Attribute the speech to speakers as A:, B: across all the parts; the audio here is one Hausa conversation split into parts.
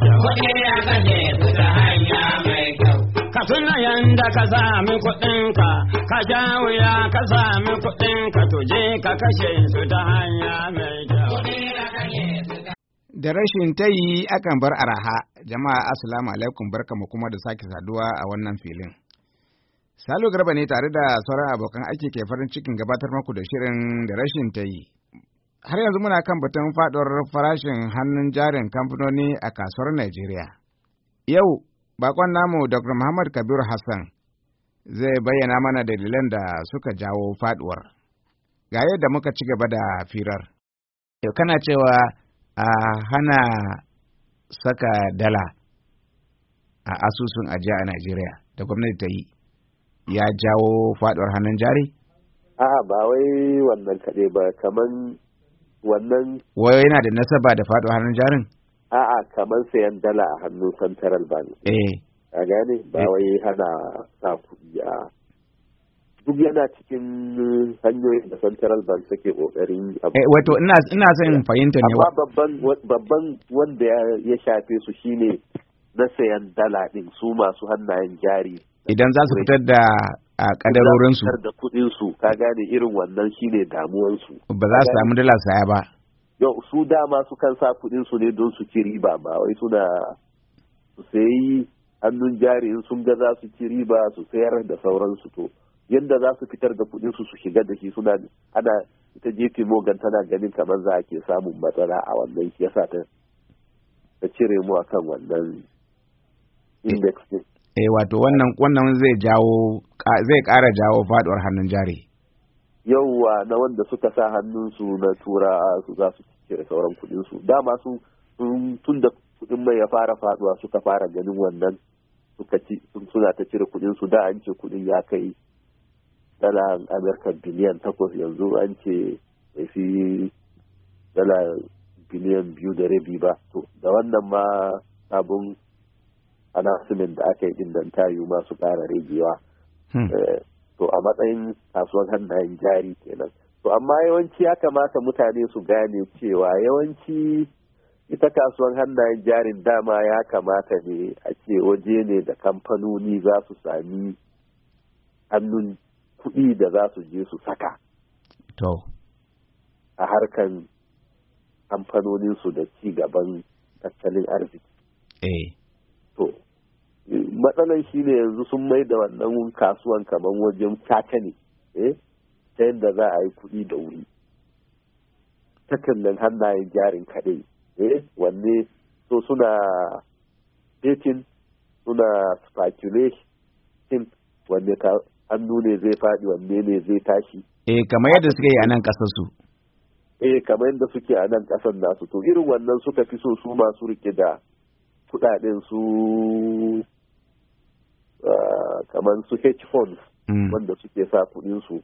A: kyau. Kuɗi a su hanya mai kyau. Ka tuna yanda ka sami kuɗinka, ka ja wuya ka sami kuɗinka, to ka kashe su ta hanya mai kyau. Da rashin tayi akan bar araha, jama'a asalamu alaikum barkamu kuma da sake saduwa a wannan filin. Salo Garba ne tare da sauran abokan aiki ke farin cikin gabatar maku da shirin da rashin ta yi. har yanzu muna kan batun faɗuwar farashin hannun jarin kamfanoni a kasuwar Najeriya. Yau, bakon namu Dr. Muhammad Kabir Hassan zai bayyana mana dalilan da suka jawo faɗuwar. Ga yadda muka ci gaba da firar. Yau kana cewa a hana saka dala a asusun ajiya a Najeriya da gwamnati ta yi ya jawo faɗuwar hannun jari?
B: A'a ba wai wannan kaɗai ba kamar wannan
A: wayo yana da nasaba da faɗo hannun jarin
B: a'a kamar sayan dala a hannun central bank eh a gane ba eh. wai hana sa kuɗi a duk yana cikin hanyoyin da central bank suke kokarin
A: eh wato ina ina son fahimta ne amma
B: babban babban wanda ya shafe su shine na sayan dala din su masu hannayen jari
A: idan za su fitar da a kadarorinsu
B: da kudin su ka gane irin wannan shine damuwar su
A: ba za su samu dala saya ba
B: yau su dama su kan sa kudin su ne don su ci riba ba wai suna su sayi hannun jari in sun ga za su ci riba su sayar da sauransu to yadda za su fitar da kudin su su shiga da shi suna ana ita jefi mogan tana ganin kamar za a ke samun matsala a wannan yasa ta ta cire mu akan wannan index din
A: eh wato wannan wannan zai jawo zai ƙara jawo faduwar hannun jari
B: yauwa na wanda suka sa hannunsu na tura su za su cire sauran kuɗinsu dama su tun da kuɗin mai ya fara faduwa suka fara ganin wannan suka ci suna ta cire su da an ce kuɗin ya kai dala amurka biliyan takwas yanzu an ce ya fi dala biliyan biyu da rabi ba to da wannan ma sabon Ana announcement da aka yi din dan tayu masu ƙara ragewa hmm. eh, to a matsayin kasuwar hannayen jari kenan to amma yawanci ya kamata mutane su gane cewa yawanci ita kasuwar hannayen jarin dama ya kamata ne a ce waje ne da kamfanoni za su sami hannun kuɗi da za su je su saka to a harkan kamfanoninsu da ci gaban tattalin arziki eh. to matsalar shi ne yanzu sun mai da wannan kasuwan kamar wajen kaka ne eh? ta yadda za a yi kuɗi da wuri takannan hannayen jarin kaɗai eh? wanne so suna fetin, suna speculation wanne hannu ne zai faɗi wanne ne zai tashi
A: eh kamar yadda suka yi a nan ƙasar su
B: eh kamar yadda suke a nan ƙasar nasu to irin wannan suka fi so su masu rike da kudaden su ah, kamar su hedge funds mm. wanda suke sa kudin su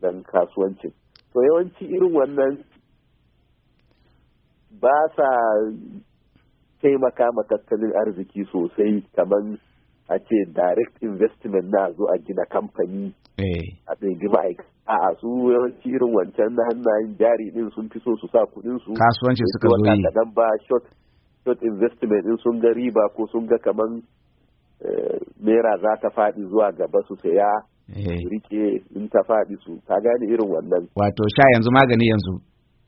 B: dan kasuwancin to yawanci irin wannan ba sa taimaka ma tattalin arziki sosai kamar a ce direct investment na zo a gina kamfani eh. a ɗaiɗi ma'aikata a su yawanci irin wancan na hannayen jari ɗin sun fi so su sa kudin su kasuwanci suka zo yi ba short stock investment in sun ga riba ko sun ga kaman eh, naira za ta faɗi zuwa gaba su saya su eh. rike in ta faɗi su ta gane irin wannan
A: wato sha yanzu magani yanzu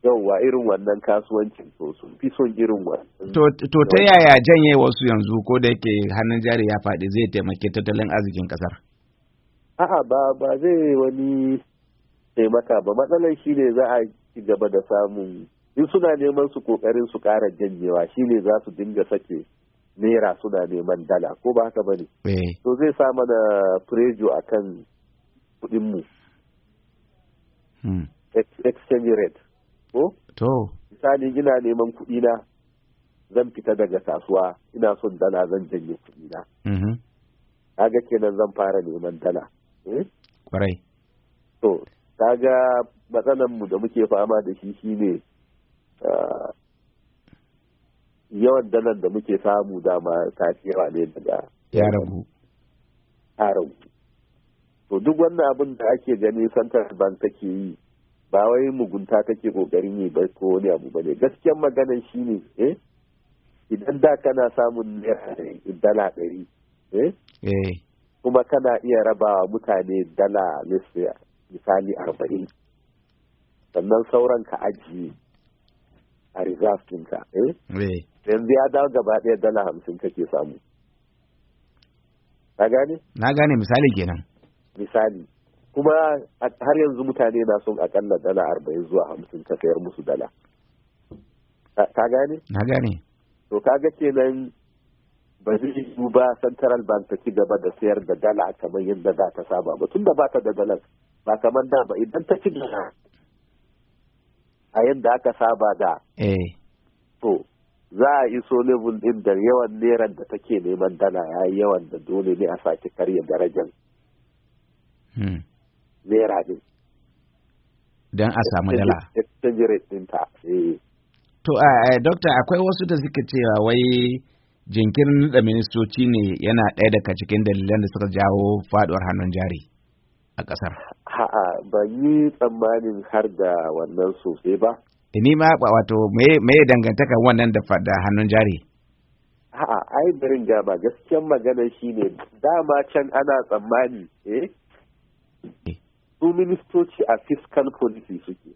B: yauwa irin wannan kasuwancin ko sun fi son irin wannan
A: to ta yaya janye wasu yanzu ko da yake hannun jari ya faɗi zai taimaki tattalin arzikin kasar
B: a'a ba ba zai wani taimaka ba matsalar shi ne za a ci gaba da samun in suna neman su kokarin su ƙara janyewa shine za su dinga sake naira suna neman dala ko ba haka bane eh. to zai sa mana prejo akan kuɗin mu hmm. exchange rate ko to misali ina neman kuɗi na zan fita daga kasuwa ina son dala zan janye kuɗi na mm-hmm. kaga kenan zan fara neman dala eh? kwarai to kaga matsalan mu da muke fama da shi shine Eh, yawan dalar da muke samu dama tasira ne daga Yaragu. to duk wannan abin da ake gani central bank take yi ba wai mugunta take kokarin ne ba ko wani abu bane gaskiyar magana shine eh idan da kana samun dala ɗari eh, eh. kuma kana iya rabawa mutane dala misali arba'in sannan sauran ka ajiye a reserve ɗinka eh yanzu ya dawo gaba ɗaya dala hamsin kake samu na gane
A: na gane misali kenan
B: misali kuma har yanzu mutane na son akalla dala arba'in zuwa hamsin ka sayar musu dala ka gane na gane to kaga kenan ba zai yiwu ba central bank ta ci gaba da sayar da dala kamar yadda za ta saba ba tun da ba ta da dalar ba kamar da ba idan ta ci gaba a yadda aka saba da eh. to za a iso level din da yawan neran da take neman dala ya yi yawan da dole ne a sake karya darajar hmm. naira din
A: don a samu dala
B: ɗinta eh.
A: to a doctor akwai wasu da suka cewa wai jinkirin da ministoci ne yana ɗaya daga cikin dalilan da suka jawo faduwar hannun jari a ƙasar?
B: Ha'a ba yi tsammanin har da wannan sosai ba.
A: Eh, ni ma wato me dangantaka wannan da hannun jari?
B: Ha'a ai barin ba gaskiyan magana shi ne. dama can ana tsammani eh, eh? Su ministoci a fiscal policy suke.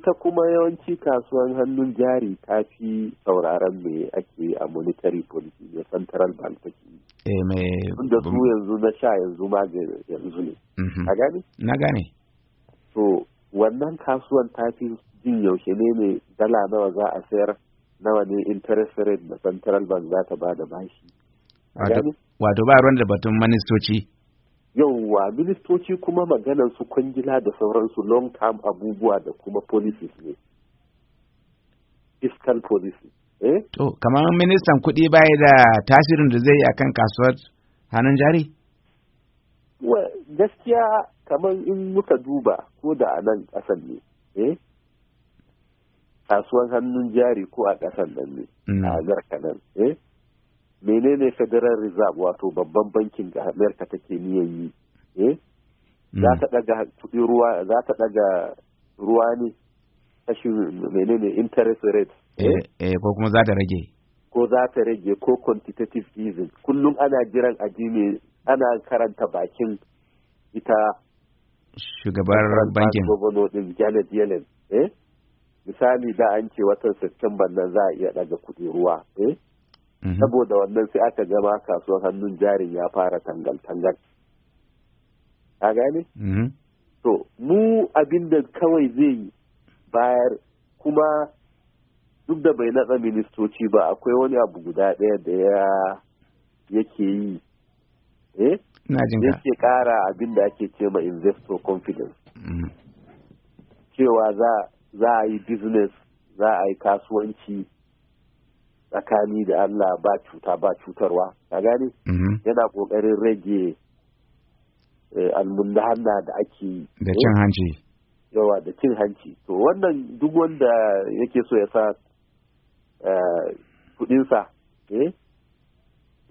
B: ita kuma yawanci kasuwan hannun jari ta fi sauraron me ake a monetary policy ne central bank take yi
A: eh da su yanzu
B: na sha yanzu ma yanzu ne mhm. a gani? na gane So, wannan kasuwan ta fi jin yaushe ne mai dala nawa za a sayar nawa ne interest rate na central bank za ta ba da bashi
A: wato ba ruwan da batun ministoci
B: yauwa ministoci kuma maganar su kwangila da sauransu long term abubuwa da kuma policies ne fiscal policy eh?
A: to kamar ministan kuɗi baya da tasirin da zai yi akan kasuwar hannun jari
B: gaskiya kamar in muka duba ko da a nan ƙasan ne eh? kasuwar hannun jari ko a ƙasan nan ne
A: mm. a
B: nan eh? menene federal reserve wato babban bankin da amerika take niyan yi eh hmm. za ta daga kuɗi ruwa za ta daga ruwa ne kashi menene interest rate
A: eh eh ko kuma za ta rage
B: ko za ta rage ko quantitative easing kullum ana jiran aji ne ana karanta bakin ita
A: shugabar bankin
B: gwamnati din Janet Yellen eh misali da an ce watan September nan za a iya daga kudi ruwa eh Mm-hmm. saboda wannan sai aka gama kasuwar hannun jarin ya fara tangal-tangal a gane? Mm-hmm. to mu abin da kawai zai yi bayar kuma duk da bai natsa ministoci ba akwai wani abu guda ɗaya da ya yake yi eh
A: yake
B: ƙara abin da ake ce ma investor confidence mm-hmm. cewa za a yi business za a yi kasuwanci tsakani da Allah ba cuta ba cutarwa ka gane mhm. yana kokarin rage eh, almullahanna da ake
A: da cin hanci
B: yawa da cin hanci to wannan duk wanda yake so ya sa eh, kudinsa eh,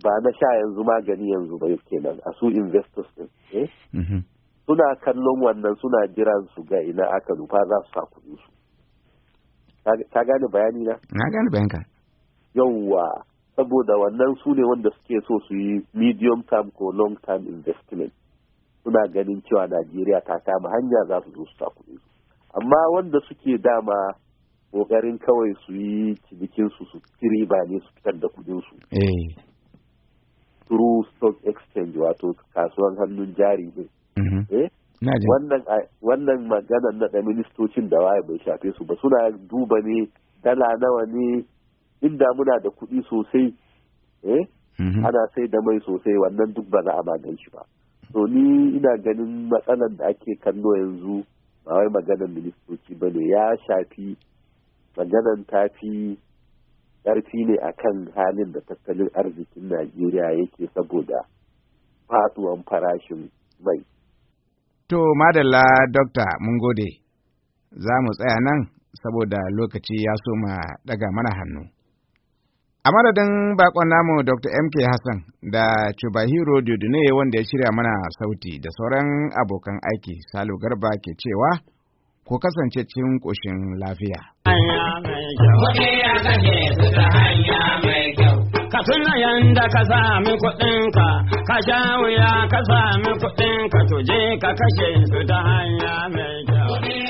B: ba na sha yanzu magani yanzu ba kenan a su investors din mhm. suna kallon wannan suna jiran su ga ina aka nufa za su sa su ka gane bayani na
A: na gane bayanka
B: yauwa saboda wannan su ne wanda suke so su yi medium term ko long term investment suna ganin cewa najeriya ta kama hanya za su zo su kuɗi amma wanda suke dama kokarin kawai su yi cibikinsu su ci ba ne su fitar da kuɗinsu eh. through stock exchange wato kasuwan hannun jari ne mm-hmm. eh? wannan maganar na da ministocin da waye bai shafe su ba suna duba ne dala nawa ne inda muna da kuɗi sosai eh mhm. ana sai da mai sosai wannan duk ba za a shi ba to ni ina ganin matsalar da ake kallo yanzu ba wai maganar ministoci ba ne ya shafi maganar fi ƙarfi ne akan halin da tattalin arzikin najeriya yake saboda faduwan farashin mai
A: to madalla dokta mun gode za mu tsaya nan saboda lokaci ya so ma daga mana hannu A madadin bakon namu Dr. MK Hassan da Chubahiro Dodune wanda ya shirya mana sauti da sauran abokan aiki Salo Garba ke cewa ku kasance cikin ƙoshin lafiya. Ka tuna yanda ka sami kuɗinka, ka sha wuya ka sami kuɗinka, to je ka kashe su ta hanya mai kyau.